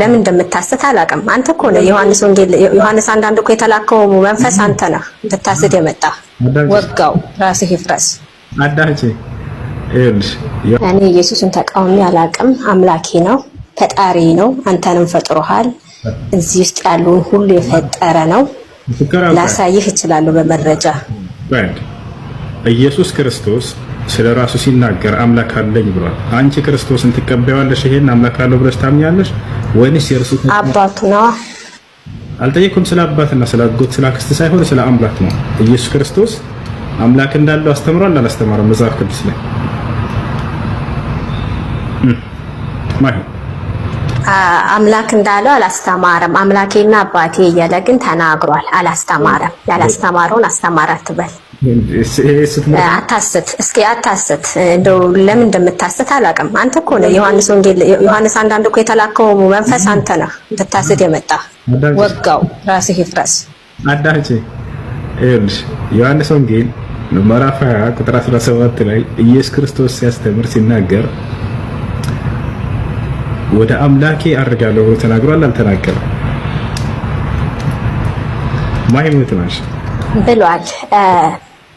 ለምን እንደምታስት አላውቅም። አንተ እኮ ነህ ዮሐንስ ወንጌል ዮሐንስ አንዳንድ እኮ የተላከው መንፈስ አንተ ነህ እንድታስት የመጣ ወጋው፣ ራስህ ይፍረስ። እኔ ኢየሱስን ተቃውሚ አላውቅም። አምላኬ ነው፣ ፈጣሪ ነው። አንተንም ፈጥሮሃል። እዚህ ውስጥ ያለውን ሁሉ የፈጠረ ነው። ላሳይህ እችላለሁ በመረጃ ኢየሱስ ክርስቶስ ስለ ራሱ ሲናገር አምላክ አለኝ ብሏል። አንቺ ክርስቶስን ትቀበያለሽ? ይሄን አምላክ አለው ብለሽ ታምኛለሽ ወይንስ የእርሱ አባቱ ነው? አልጠየቅኩም። ስለ አባትና ስለ አጎት ስለ አክስት ሳይሆን ስለ አምላክ ነው። ኢየሱስ ክርስቶስ አምላክ እንዳለው አስተምሯል አላስተማረም? መጽሐፍ ቅዱስ ላይ አምላክ እንዳለው አላስተማረም። አምላኬና አባቴ እያለ ግን ተናግሯል። አላስተማረም። ያላስተማረውን አስተማረ አትበል። አታስት እስኪ አታስት። እንደው ለምን እንደምታሰት አላውቅም። አንተ እኮ ነህ ዮሐንስ ወንጌል ዮሐንስ አንዳንድ እኮ የተላከው መንፈስ አንተ ነህ እንድታስት የመጣ ወጋው፣ ራስህ ይፍረስ። አዳጭ ይኸውልሽ ዮሐንስ ወንጌል ምዕራፍ 20 ቁጥር 17 ላይ ኢየሱስ ክርስቶስ ሲያስተምር ሲናገር ወደ አምላኬ አርጋለሁ ብሎ ተናግሯል። አልተናገረም። ማህሙት ነሽ ብሏል።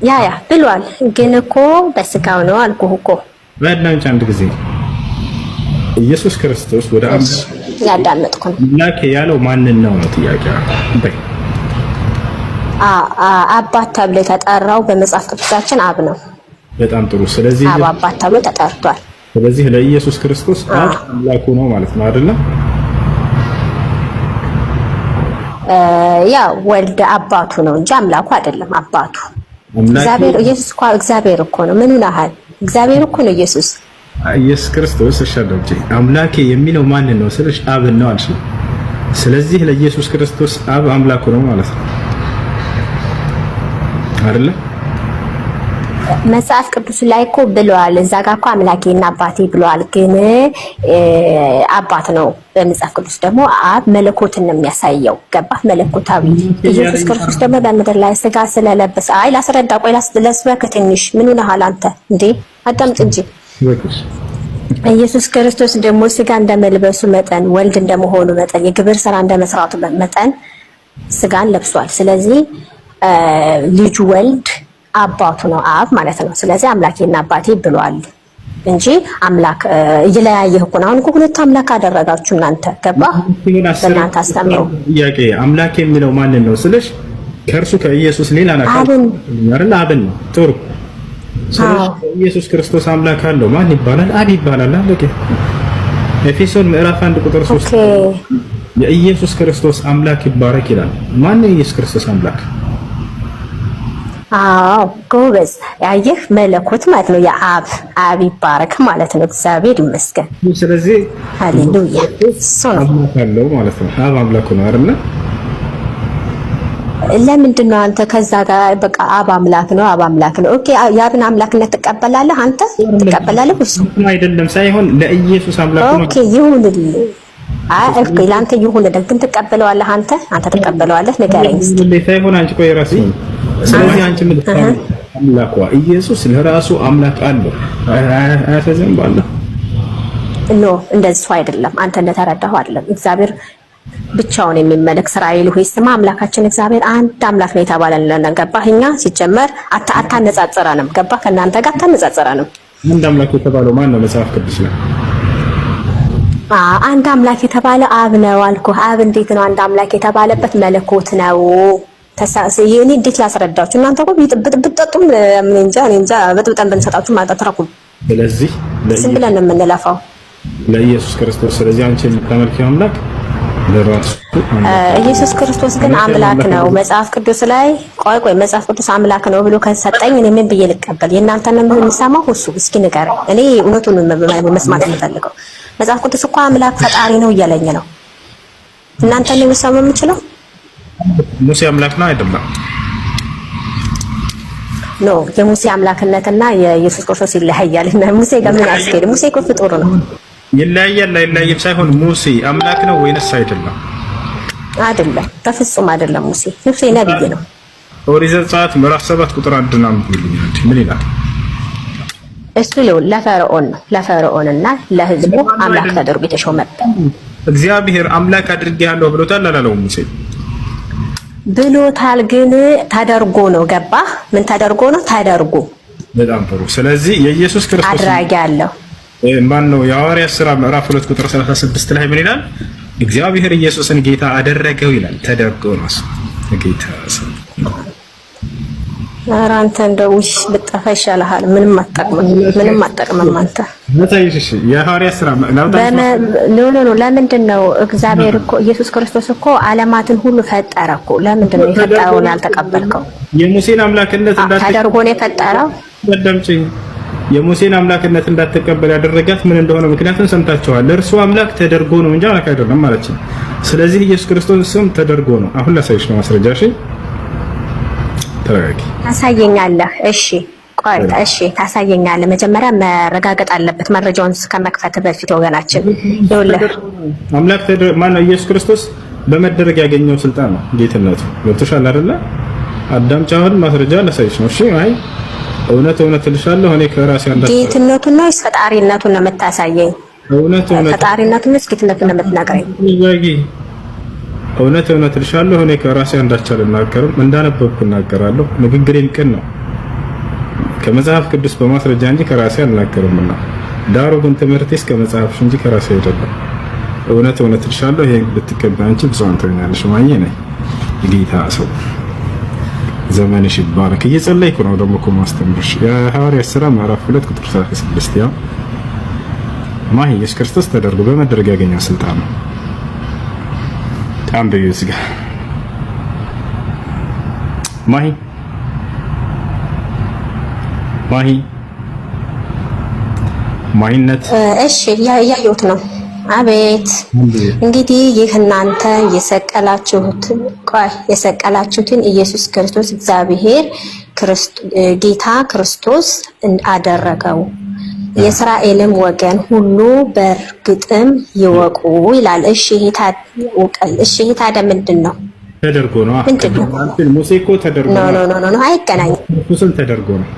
ያ ያ ብሏል። ግን እኮ በስጋው ነው አልኩህ እኮ በእናንቺ አንድ ጊዜ ኢየሱስ ክርስቶስ ወደ አምላክ ያዳመጥኩ ላክ ያለው ማንን ነው ነው ጥያቄ። አባት ተብሎ የተጠራው በመጽሐፍ ቅዱሳችን አብ ነው። በጣም ጥሩ። ስለዚህ አብ አባት ተብሎ ተጠርቷል። ስለዚህ ለኢየሱስ ክርስቶስ አብ አምላኩ ነው ማለት ነው አይደለም? ያ ወልድ አባቱ ነው እንጂ አምላኩ አይደለም። አባቱ እግዚአብሔር ኢየሱስ እኮ እግዚአብሔር እኮ ነው። ምን ይላል? እግዚአብሔር እኮ ነው ኢየሱስ ኢየሱስ ክርስቶስ እሻለሁ እንጂ አምላኬ የሚለው ማንን ነው ስልሽ አብ ነው አልሽ። ስለዚህ ለኢየሱስ ክርስቶስ አብ አምላኩ ነው ማለት ነው አይደለ? መጽሐፍ ቅዱስ ላይ እኮ ብለዋል። እዛ ጋር እኮ አምላኬና አባቴ ብለዋል። ግን አባት ነው። በመጽሐፍ ቅዱስ ደግሞ አብ መለኮትን ነው የሚያሳየው። ገባ መለኮታዊ። ኢየሱስ ክርስቶስ ደግሞ በምድር ላይ ስጋ ስለለበሰ አይ ላስረዳ፣ ቆይ ለስበክ ትንሽ። ምን ሆነሃል አንተ እንዴ? አዳምጥ እንጂ ኢየሱስ ክርስቶስ ደግሞ ስጋ እንደመልበሱ መጠን ወልድ እንደመሆኑ መጠን የግብር ስራ እንደመስራቱ መጠን ስጋን ለብሷል። ስለዚህ ልጁ ወልድ አባቱ ነው አብ ማለት ነው። ስለዚህ አምላኬና አባቴ ብሏል እንጂ አምላክ እየለያየህ እኮ ነው። አሁን እኮ ሁለት አምላክ አደረጋችሁ እናንተ ገባ በእናንተ አስተምሩ። ጥያቄ አምላክ የሚለው ማንን ነው ስልሽ ከእርሱ ከኢየሱስ ሌላ ናቃል አብን ነው። ጥሩ ኢየሱስ ክርስቶስ አምላክ አለው ማን ይባላል? አብ ይባላል። አለ ኤፌሶን ምዕራፍ አንድ ቁጥር ሶስት የኢየሱስ ክርስቶስ አምላክ ይባረክ ይላል። ማን ኢየሱስ ክርስቶስ አምላክ አዎ ጎበዝ፣ ያየህ መለኮት ማለት ነው። የአብ አብ ይባረክ ማለት ነው። እግዚአብሔር ይመስገን። ስለዚህ ሃሌሉያ አለው ማለት ነው። አብ አምላኩ ነው አይደለ? ለምንድን ነው አንተ ከዛ ጋር በቃ አብ አምላክ ነው፣ አብ አምላክ ነው። ኦኬ፣ የአብን አምላክነት ትቀበላለህ አንተ? ትቀበላለህ? እሱ አይደለም ሳይሆን ለኢየሱስ አምላክ ነው። ኦኬ ይሁንልህ አይ እኮ ለአንተ ይሁን ግን ትቀበለዋለህ። አንተ አንተ ትቀበለዋለህ። ንገረኝ ሳይሆን አንቺ ቆይ ራስሽ ስለዚህ አንቺ ምን አምላኳ ኢየሱስ ለራሱ አምላክ አለው። አያሳዝንም ባለ ኖ እንደሱ አይደለም። አንተ እንደተረዳኸው አይደለም። እግዚአብሔር ብቻውን የሚመለክ እስራኤል ሆይ ስማ አምላካችን እግዚአብሔር አንድ አምላክ ነው የተባለልን። ገባህ? እኛ ሲጀመር አታነጻጽረንም። ገባህ? ከእናንተ ጋር አታነጻጽረንም። አንድ አምላክ የተባለው ማን ነው? መጽሐፍ ቅዱስ ነው አንድ አምላክ የተባለ አብ ነው አልኩ። አብ እንዴት ነው አንድ አምላክ የተባለበት? መለኮት ነው። ይህኔ እንዴት ላስረዳችሁ? እናንተ እኮ ብትጠጡም እንጃ እንጃ በጥብጠን ብንሰጣችሁ ማጠትረኩም። ስለዚህ ዝም ብለን ነው የምንለፋው ለኢየሱስ ክርስቶስ። ስለዚህ አንቺ የምታመልኪው አምላክ ኢየሱስ ክርስቶስ ግን አምላክ ነው። መጽሐፍ ቅዱስ ላይ ቆይ ቆይ መጽሐፍ ቅዱስ አምላክ ነው ብሎ ከሰጠኝ እኔ ምን ብዬ ልቀበል? የእናንተን ነው የሚሰማው እሱ። እስኪ ንገረኝ። እኔ እውነቱን መስማት የምፈልገው መጽሐፍ ቅዱስ እኮ አምላክ ፈጣሪ ነው እያለኝ ነው። እናንተ ነው ልሰማ የምችለው። ሙሴ አምላክ ነው አይደለም? ኖ የሙሴ አምላክነትና የኢየሱስ ክርስቶስ ይለያያል። እና ሙሴ ጋር ምን አስኬድ? ሙሴ እኮ ፍጡር ነው። ይለያያል አይለያይም ሳይሆን ሙሴ አምላክ ነው ወይንስ አይደለም? አይደለም፣ በፍጹም አይደለም። ሙሴ ሙሴ ነብይ ነው። ኦሪት ዘጸአት ምዕራፍ ሰባት ቁጥር አንድ ምን ይላል? እሱ ይኸውልህ ለፈርዖን ነው። እና ለህዝቡ አምላክ ተደርጎ የተሾመበት እግዚአብሔር አምላክ አድርጌሃለሁ ብሎታል አላለውም? ሙሴ ብሎታል፣ ግን ተደርጎ ነው። ገባ ምን ተደርጎ ነው? ተደርጎ። በጣም ጥሩ። ስለዚህ የኢየሱስ ክርስቶስ አድራጊ ያለው ማን ነው? የሐዋርያት ስራ ምዕራፍ 2 ቁጥር 36 ላይ ምን ይላል? እግዚአብሔር ኢየሱስን ጌታ አደረገው ይላል። ተደርጎ ነው ጌታ ኧረ አንተ እንደው ብጠፋ ይሻልሃል። ምንም አጠቅምም፣ ምንም አጠቅምም። አንተ ለምንድን ነው እግዚአብሔር እኮ ኢየሱስ ክርስቶስ እኮ ዓለማትን ሁሉ ፈጠረ እኮ። ለምንድን ነው የፈጠረውን ያልተቀበልከው? የሙሴን አምላክነት ተደርጎ ነው የፈጠረው። የሙሴን አምላክነት እንዳትቀበል ያደረጋት ምን እንደሆነ ምክንያቱን ሰምታችኋል። እርሱ አምላክ ተደርጎ ነው እንጂ አምላክ አይደለም ማለት ነው። ስለዚህ ኢየሱስ ክርስቶስ ስም ተደርጎ ነው። አሁን ላሳይሽ ነው ማስረጃሽ። እሺ ታሳየኛለህ። እሺ ቆይ እሺ፣ ታሳየኛለህ። መጀመሪያ መረጋገጥ አለበት መረጃውን ከመክፈት በፊት ወገናችን። ይኸውልህ አምላክ ማነው ኢየሱስ ክርስቶስ በመደረግ ያገኘው ስልጣን ነው ጌትነቱ። ገብቶሻል አይደለ? አዳም ጫውን ማስረጃ ላሳይሽ ነው። እሺ አይ እውነት እውነት እልሻለሁ እኔ ከራሴ አንዳች ጌትነቱን ነው ፈጣሪነቱን ነው የምታሳየኝ? እውነት እውነት ፈጣሪነቱን ነው ጌትነቱን ነው የምትነግረኝ? እውነት እውነት ልሻለሁ እኔ ከራሴ አንዳች አልናገርም፣ እንዳነበብኩ እናገራለሁ። ንግግሬም ቅን ነው ከመጽሐፍ ቅዱስ በማስረጃ እንጂ ከራሴ አልናገርምና፣ ዳሩ ግን ትምህርቴስ ከመጽሐፍ እንጂ ከራሴ አይደለም። እውነት እውነት ልሻለሁ ይሄን ብትቀበይ አንቺ ብዙሃን ትሆኛለሽ። ማኝ ነኝ ጌታ ሰው ዘመንሽ ይባረክ። እየጸለይኩ ነው ደግሞ እኮ ማስተምርሽ የሐዋርያት ሥራ ምዕራፍ 2 ቁጥር 36 ያ ማህ ኢየሱስ ክርስቶስ ተደርጎ በመደረግ ያገኘው ስልጣን ነው። አንድ ይስጋ ማሂ ማሂ ማሂነት እሺ፣ ያየሁት ነው። አቤት እንግዲህ ይህ እናንተ የሰቀላችሁት ቆይ የሰቀላችሁትን ኢየሱስ ክርስቶስ እግዚአብሔር ጌታ ክርስቶስ አደረገው። የእስራኤልም ወገን ሁሉ በእርግጥም ይወቁ ይላል። እሺ ይሄ ታዲያ ምንድን ነው? ተደርጎ ነው ሙሴ እኮ ተደርጎ ነው። ኖ ኖ ኖ አይገናኝም። ክርስቶስም ተደርጎ ነው።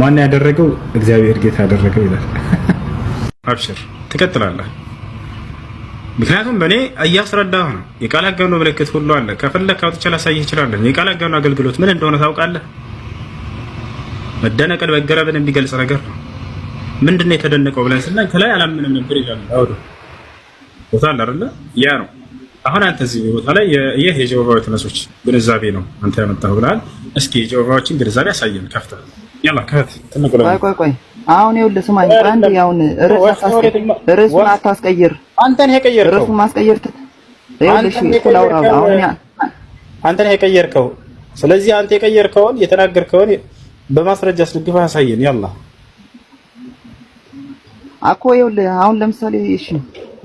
ማን ያደረገው? እግዚአብሔር ጌታ ያደረገው ይላል። አብሽር ትቀጥላለህ። ምክንያቱም እኔ እያስረዳሁ ነው። የቃል ኪዳኑ ምልክት ሁሉ አለ። ከፈለክ አውጥቼ ላሳይህ እችላለሁ። የቃል ኪዳኑ አገልግሎት ምን እንደሆነ ታውቃለህ። መደነቅን መገረብን የሚገልጽ ነገር ነው። ምንድን ነው የተደነቀው ብለን ስናይ ከላይ አላምንም ነበር ይላሉ። አውዱ ቦታ አለ አይደለ? ያ ነው። አሁን አንተ እዚህ ቦታ ላይ ይህ የጀውባ ተነሶች ግንዛቤ ነው አንተ ያመጣሁ ብለሃል። እስኪ የጀውባዎችን ግንዛቤ አሳየን። ከፍተ ያላ ከፍት ተነቀለ። ቆይ ቆይ አሁን ይኸውልህ ስማኝ፣ አንድ ያውን ርዕሱን አታስቀይር። አንተን የቀየርከው ርዕሱን ማስቀየር ይኸውልሽ፣ ኩላውራው አሁን አንተን የቀየርከው ስለዚህ አንተ የቀየርከውን የተናገርከውን በማስረጃ አስደግፈ ያሳየን። ያላ አኮ ይኸውልህ፣ አሁን ለምሳሌ እሺ፣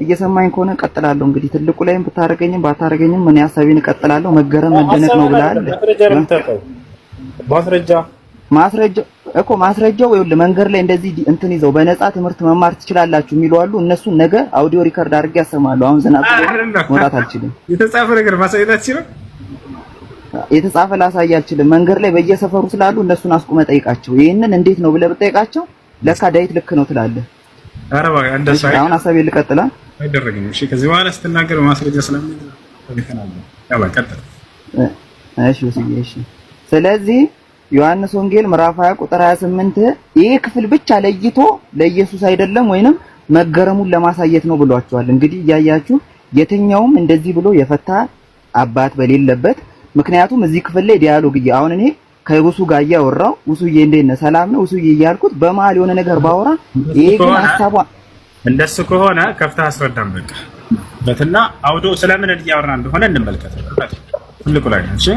እየሰማኝ ከሆነ እቀጥላለሁ። እንግዲህ ትልቁ ላይም ብታረገኝም ባታረገኝም እኔ ሀሳቤን እቀጥላለሁ። መገረም መደነቅ ነው ብለሃል። ማስረጃ ማስረጃ እኮ ማስረጃው ይኸውልህ፣ መንገድ ላይ እንደዚህ እንትን ይዘው በነፃ ትምህርት መማር ትችላላችሁ የሚሉ አሉ። እነሱን ነገ አውዲዮ ሪከርድ አድርጌ ያሰማሉ። አሁን ዘና መውጣት አልችልም። የተጻፈ ነገር ማሳየት ነው የተጻፈ ላሳይ አልችልም። መንገድ ላይ በየሰፈሩ ስላሉ እነሱን አስቁመ ጠይቃቸው፣ ይህንን እንዴት ነው ብለህ ብጠይቃቸው ለካ ዳዊት ልክ ነው ትላለህ። አሁን ሀሳቤ ልቀጥላ አይደረግም። እሺ፣ ከዚህ በኋላ ስትናገር በማስረጃ ስለዚህ ዮሐንስ ወንጌል ምዕራፍ 20 ቁጥር 28 ይሄ ክፍል ብቻ ለይቶ ለኢየሱስ አይደለም ወይንም መገረሙን ለማሳየት ነው ብሏቸዋል። እንግዲህ እያያችሁ የትኛውም እንደዚህ ብሎ የፈታ አባት በሌለበት ምክንያቱም እዚህ ክፍል ላይ ዲያሎግ እያ አሁን እኔ ከውሱ ጋር እያወራው ውሱዬ እንዴት ነህ ሰላም ነው ውሱዬ እያልኩት በመሀል የሆነ ነገር ባወራ ይሄ ግን ሀሳቧ እንደሱ ከሆነ ከፍተህ አስረዳም በቃ በትና አውዶ ስለምን እያወራ እንደሆነ እንመልከት። ትልቁ ላይ ነው። እሺ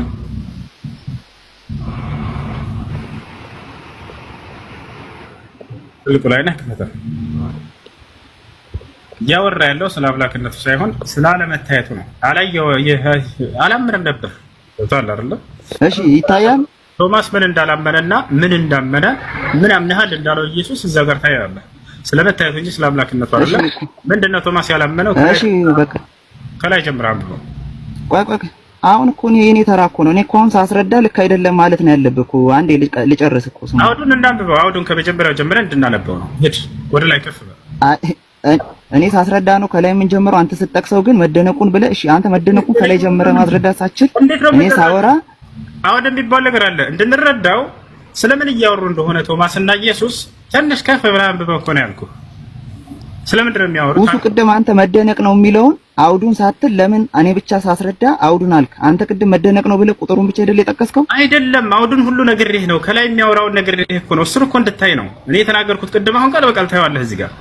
ትልቁ ላይ ነህ። ከተፈ እያወራ ያለው ስለ አምላክነቱ ሳይሆን ስላለመታየቱ ነው። አላየው አላምንም ነበር ታል አይደለ? እሺ ይታያል። ቶማስ ምን እንዳላመነና ምን እንዳመነ ምን አምነሃል እንዳለው ኢየሱስ እዛ ጋር ታያለህ። ስለመታየቱ እንጂ ስለአምላክነቱ አይደለ። ምንድነው ቶማስ ያላመነው? እሺ በቃ ከላይ ጀምራ ብሎ ቆይ ቆይ አሁን እኮ ነው የኔ ተራ እኮ ነው። እኔ እኮ አሁን ሳስረዳ ልክ አይደለም ማለት ነው ያለብህ እኮ። አንዴ ልጨርስ እኮ ስማ። አውዱን እንዳንብበው አውዱን ከመጀመሪያው ጀምረን እንድናነበው ነው። ሂድ ወደ ላይ ከፍ በል እኔ ሳስረዳ ነው ከላይ የምንጀምረው። አንተ ስትጠቅሰው ግን መደነቁን ብለህ እሺ፣ አንተ መደነቁን ከላይ ጀምረህ ማስረዳት ሳችል እኔ ሳወራ አሁን የሚባል ነገር አለ እንድንረዳው ስለምን እያወሩ እንደሆነ ቶማስ እና ኢየሱስ ትንሽ ከፍ ብለህ አንብበህ እኮ ነው ያልኩህ። ስለምንድን ነው የሚያወሩት? እሱ ቅድም አንተ መደነቅ ነው የሚለውን አውዱን ሳትል ለምን እኔ ብቻ ሳስረዳ አውዱን አልክ? አንተ ቅድም መደነቅ ነው ብለህ ቁጥሩን ብቻ አይደል የጠቀስከው? አይደለም አውዱን ሁሉ ይሄ ነው። ከላይ የሚያወራውን ይሄ እኮ ነው። እሱን እኮ እንድታይ ነው እኔ የተናገርኩት ቅድም። አሁን ቃል በቃል ታየዋለህ እዚህ ጋር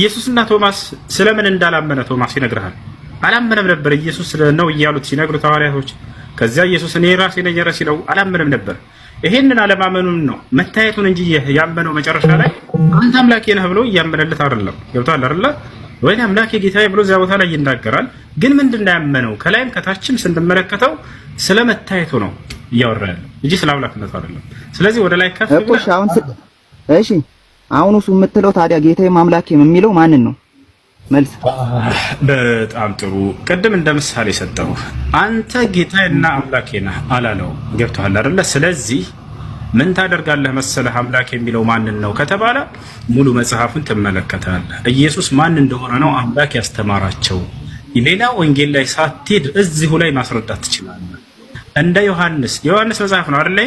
ኢየሱስና ቶማስ ስለምን እንዳላመነ ቶማስ ይነግርሃል። አላመነም ነበር ኢየሱስ ነው እያሉት ሲነግሩ ሐዋርያቶች። ከዚያ ኢየሱስ እኔ ራሴ ነኝ ራሴ ነው አላመነም ነበር። ይሄንን አለማመኑን ነው መታየቱን እንጂ ያመነው መጨረሻ ላይ አንተ አምላኬ ነህ ብሎ እያመነለት አይደለም። ገብቷል አይደለ ወይ? አምላኬ ጌታዬ ብሎ እዚያ ቦታ ላይ ይናገራል። ግን ምንድን ነው ያመነው? ከላይም ከታችም ስንመለከተው ስለመታየቱ ነው እያወራ ያለው እንጂ ስለ አምላክነቱ አይደለም። ስለዚህ ወደ ላይ ከፍ ብለህ እሺ አሁን እሱ የምትለው ታዲያ ጌታዬም አምላኬም የሚለው ማንን ነው? መልስ። በጣም ጥሩ። ቅድም እንደ ምሳሌ ሰጠው። አንተ ጌታዬና አምላኬ ነህ አላለው። ገብቶሃል አይደለ? ስለዚህ ምን ታደርጋለህ መሰለህ? አምላክ የሚለው ማንን ነው ከተባለ ሙሉ መጽሐፍን ትመለከታለህ። ኢየሱስ ማን እንደሆነ ነው አምላክ ያስተማራቸው። ሌላ ወንጌል ላይ ሳትሄድ እዚሁ ላይ ማስረዳት ትችላለህ። እንደ ዮሐንስ ዮሐንስ መጽሐፍ ነው አይደለ?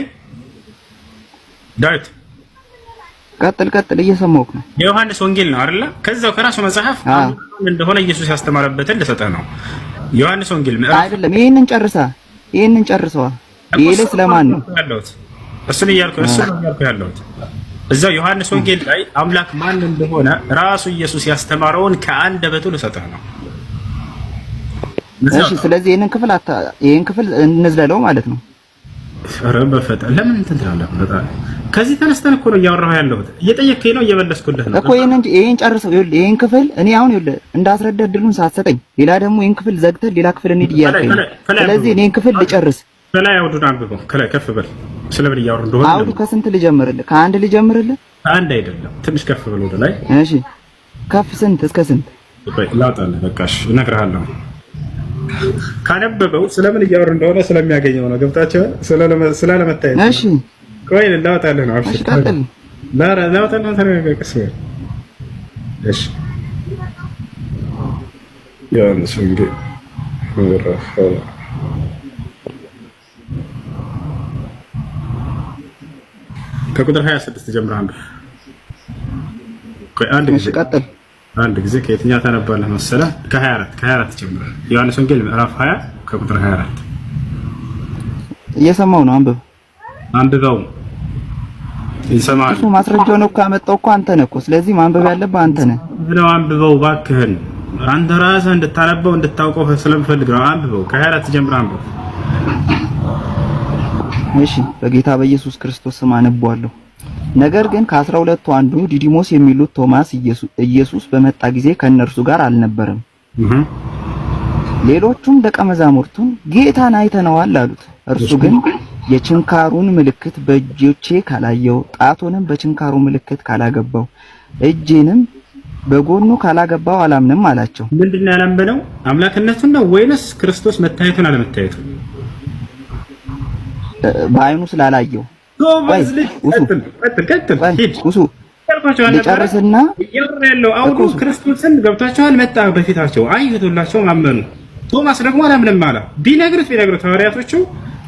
ዳዊት ቀጥል ቀጥል፣ እየሰማሁህ ነው። ዮሐንስ ወንጌል ነው አይደለ? ከዛው ከራሱ መጽሐፍ እንደሆነ ኢየሱስ ያስተማረበትን ልሰጠህ ነው። ዮሐንስ ወንጌል ምዕራፍ አይደለም። ይሄንን ጨርሳ ይሄንን ጨርሰዋ። ይሄ ለማን ነው ያለሁት? እሱን እያልኩ እሱን እያልኩ ያለሁት እዛው ዮሐንስ ወንጌል ላይ አምላክ ማን እንደሆነ ራሱ ኢየሱስ ያስተማረውን ከአንደበቱ ልሰጠህ ነው። እሺ፣ ስለዚህ ይሄንን ክፍል አታ ይሄን ክፍል እንዝለለው ማለት ነው። ኧረ በፈጣን ለምን እንትን ትላለህ? በጣም ከዚህ ተነስተን እኮ ነው እያወራሁ ያለሁት። እየጠየከኝ ነው እየመለስኩልህ ነው እኮ። ይሄን እንጂ ይሄን ጨርሰው። ይኸውልህ ይሄን ክፍል እኔ አሁን ይኸውልህ እንዳስረዳ ድሉን ሳትሰጠኝ ሌላ ደግሞ ይሄን ክፍል ዘግተህ ሌላ ክፍል እንሂድ እያልከኝ ነው። ስለዚህ እኔን ክፍል ልጨርስ። ከላይ አውዱን አንብበው። ከላይ ከፍ በል። ስለምን እያወሩ እንደሆነ አውዱ ከስንት ልጀምርልህ? ከአንድ ልጀምርልህ? አንድ አይደለም፣ ትንሽ ከፍ በል ወደ ላይ። እሺ ከፍ ስንት እስከ ስንት? ቆይ ላውጣልህ። በቃ እሺ እነግርሃለሁ። ካነበበው ስለምን እያወሩ እንደሆነ ስለሚያገኘው ነው። ገብታችኋል? ለመታየት እሺ ቆይ ላውጣልህ ነው። አብሽር ላውጣልህ ተነጋገር፣ ቀስ በል እሺ። ዮሐንስ ወንጌል ምዕራፍ ከቁጥር 26 ጀምረህ ቆይ አንድ ጊዜ ቀጥል። አንድ ጊዜ ከየትኛው ታነባለህ መሰለህ? ከ24 ከ24 ጀምረህ ዮሐንስ ወንጌል ምዕራፍ 20 ከቁጥር 24 እየሰማው ነው። አንብብ አንብበው ይሰማል። ማስረጃውን እኮ ያመጣው እኮ አንተ ነህ እኮ። ስለዚህ ማንበብ ያለብህ አንተ ነህ። አንብበው እባክህን። አንተ ራስህ እንድታነበው እንድታውቀው ስለምፈልግ ነው። አንብበው ጀምረህ አንብበው። እሺ፣ በጌታ በኢየሱስ ክርስቶስ ስም አነባለሁ። ነገር ግን ከአስራ ሁለቱ አንዱ ዲዲሞስ የሚሉት ቶማስ ኢየሱስ በመጣ ጊዜ ከእነርሱ ጋር አልነበረም። ሌሎቹም ደቀ መዛሙርቱን ጌታን አይተነዋል አሉት። እርሱ ግን የችንካሩን ምልክት በእጆቼ ካላየው፣ ጣቱንም በችንካሩ ምልክት ካላገባው፣ እጄንም በጎኑ ካላገባው አላምንም አላቸው። ምንድን ነው ያላመነው? አምላክነቱን ነው ወይንስ ክርስቶስ መታየቱን አለመታየቱ? በአይኑ ስላላየው ሱ ልጨርስና ያለው አውዱ ክርስቶስን ገብቷቸዋል። መጣ በፊታቸው አይሁቱላቸው አመኑ። ቶማስ ደግሞ አላምንም አለ። ቢነግርህ ቢነግርህ ሐዋርያቶቹ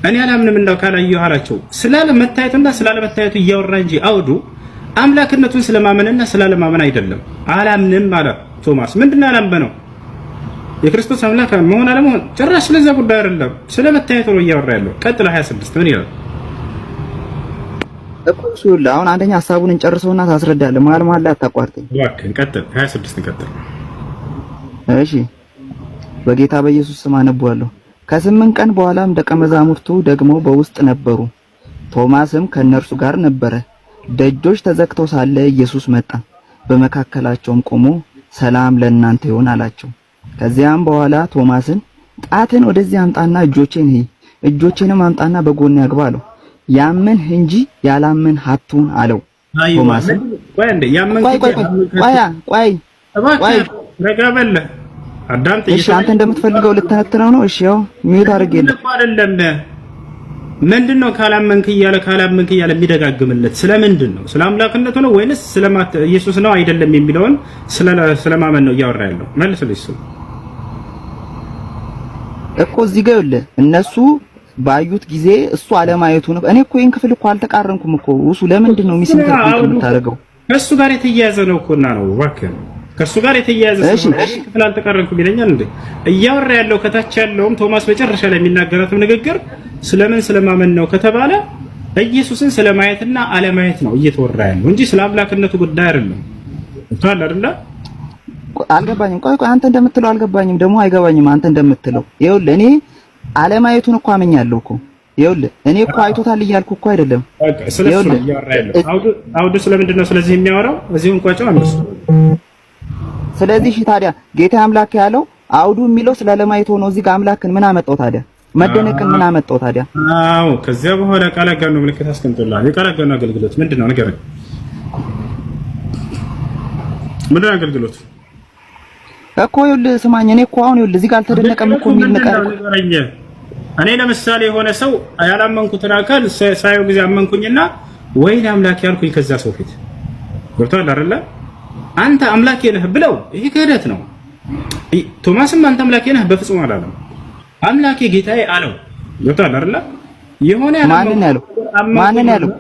እኔ አላምንም እንዳው ካላየሁ አላቸው። ስላለመታየቱና ስላለመታየቱ እያወራ እንጂ አውዱ አምላክነቱን ስለማመንና ስላለማመን አይደለም። አላምንም አለ ቶማስ። ምንድን ነው ያላመነው? የክርስቶስ አምላክ መሆን አለመሆን ጭራሽ ስለዛ ጉዳይ አይደለም፣ ስለመታየቱ ነው እያወራ ያለው። ቀጥሎ 26 ምን ይላል? እኮሱ አሁን አንደኛ ሀሳቡን እንጨርሰውና ታስረዳለህ። መሀል መሀል ላይ አታቋርጠኝ እባክህ። ቀጥል፣ 26 ቀጥል። እሺ በጌታ በኢየሱስ ስም አነቧለሁ። ከስምንት ቀን በኋላም ደቀ መዛሙርቱ ደግሞ በውስጥ ነበሩ፣ ቶማስም ከእነርሱ ጋር ነበረ። ደጆች ተዘግተው ሳለ ኢየሱስ መጣ፣ በመካከላቸውም ቆሞ ሰላም ለእናንተ ይሆን አላቸው። ከዚያም በኋላ ቶማስን ጣትን ወደዚህ አምጣና እጆቼን እይ፣ እጆቼንም አምጣና በጎን ያግባ አለው። ያምን እንጂ ያላምን ሀቱን አለው። ቶማስን ቆይ ቆይ ቆይ ቆይ ቆይ አዳም ጥይት እሺ፣ አንተ እንደምትፈልገው ልትነጥነው ነው። እሺ፣ ያው ሚውት አድርጌ አይደለም። ምንድነው ካላመንክ እያለ ካላመንክ እያለ የሚደጋግምለት ስለምንድን ነው? ስለ አምላክነቱ ነው ወይንስ ስለ ኢየሱስ ነው? አይደለም የሚለውን ስለማመን ነው እያወራ ያለው። መልስልኝ። እሱ እኮ እዚህ ጋር ይኸውልህ እነሱ ባዩት ጊዜ እሱ አለማየቱ ነው። እኔ እኮ ይሄን ክፍል እኮ አልተቃረንኩም እኮ። እሱ ለምንድን ነው የሚስንከፍ የምታደርገው? ከእሱ ጋር የተያያዘ ነው እኮ እና ነው እባክህ ከእሱ ጋር የተያያዘ ክፍል አልተቀረብኩም ይለኛል እንዴ? እያወራ ያለው ከታች ያለውም ቶማስ መጨረሻ ላይ የሚናገራትም ንግግር ስለምን ስለማመን ነው ከተባለ ኢየሱስን ስለማየትና አለማየት ነው እየተወራ ያለው እንጂ ስለ አምላክነቱ ጉዳይ አይደለም። እንታል አይደለ? አልገባኝም። ቆይ ቆይ፣ አንተ እንደምትለው አልገባኝም። ደግሞ አይገባኝም። አንተ እንደምትለው ይኸውልህ፣ እኔ አለማየቱን እኮ አመኛለሁ እኮ ይኸውልህ እኔ እኮ አይቶታል እያልኩ እኮ አይደለም። ስለዚህ ስለምንድን ነው ስለዚህ የሚያወራው? እዚሁን ቋጫው አንብሱ። ስለዚህ እሺ ታዲያ ጌታ አምላክ ያለው አውዱ የሚለው ስለ ለማየት ሆኖ እዚህ ጋር አምላክን ምን አመጣው ታዲያ? መደነቅን ምን አመጣው ታዲያ? አዎ ከዚያ በኋላ ቃል አጋኖ ምልክት አስቀምጦልሃል። የቃል አጋኖ አገልግሎት ምንድን ነው? ንገረኝ። ምንድን ነው አገልግሎት እኮ ይኸውልህ፣ ስማኝ እኔ እኮ አሁን ይኸውልህ እዚህ ጋር አልተደነቀም እኮ የሚል ነገር እኔ ለምሳሌ የሆነ ሰው ያላመንኩትን አካል ሳየው ጊዜ አመንኩኝና ወይኔ አምላክ ያልኩኝ ከዛ ሰው ፊት ገብቶሃል አይደለ? አንተ አምላኬ ነህ ብለው ይሄ ክህደት ነው። ቶማስም አንተ አምላኬ ነህ በፍጹም አላለም። አምላኬ ጌታዬ አለው። ይወጣል አይደል? የሆነ ያለው ማንን ያለው